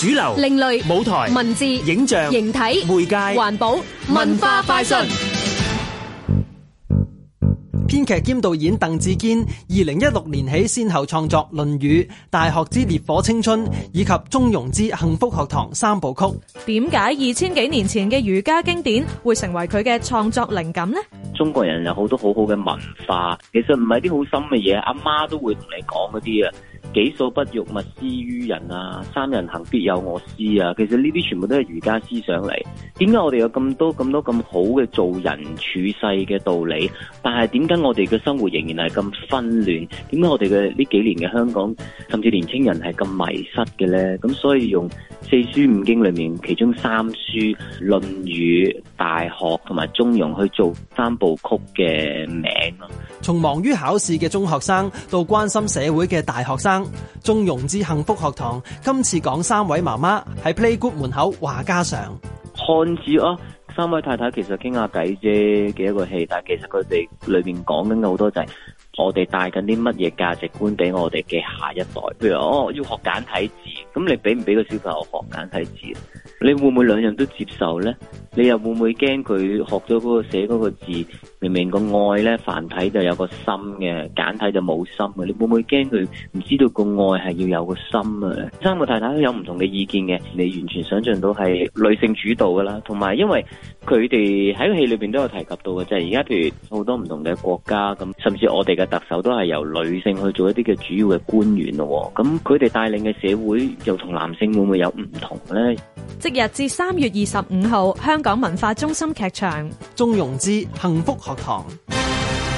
主流、另類舞台、文字、影像、形體、媒介、環保、文化、快訊。編劇兼導演鄧智堅，二零一六年起先後創作《論語》《大學之烈火青春》以及《中庸之幸福學堂》三部曲。點解二千幾年前嘅儒家經典會成為佢嘅創作靈感呢？中國人有好多好好嘅文化，其實唔係啲好深嘅嘢，阿媽都會同你講嗰啲啊。己所不欲，勿施於人啊！三人行，必有我師啊！其實呢啲全部都係儒家思想嚟。點解我哋有咁多咁多咁好嘅做人處世嘅道理？但係點解我哋嘅生活仍然係咁紛亂？點解我哋嘅呢幾年嘅香港，甚至年青人係咁迷失嘅呢？咁所以用四書五經裏面其中三書《論語》《大學》同埋《中庸》去做三部曲嘅名。從忙於考試嘅中學生到關心社會嘅大學生，中庸之幸福學堂今次講三位媽媽喺 Playgroup 門口話家常，漢字啊，三位太太其實傾下偈啫嘅一個戲，但係其實佢哋裏面講緊嘅好多就係我哋帶緊啲乜嘢價值觀俾我哋嘅下一代，譬如哦要學簡體字，咁你俾唔俾個小朋友學簡體字？你會唔會兩樣都接受呢？你又會唔會驚佢學咗嗰個寫嗰個字？明明個愛呢，繁體就有個心嘅，簡體就冇心嘅。你會唔會驚佢唔知道個愛係要有個心啊？三個太太都有唔同嘅意見嘅，你完全想象到係女性主導噶啦。同埋因為佢哋喺個戲裏邊都有提及到嘅，即係而家譬如好多唔同嘅國家咁，甚至我哋嘅特首都係由女性去做一啲嘅主要嘅官員咯。咁佢哋帶領嘅社會又同男性會唔會有唔同呢？即日至三月二十五號，香港文化中心劇場《鍾融之幸福學堂》。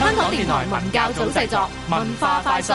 香港電台文教組製作，文化快訊。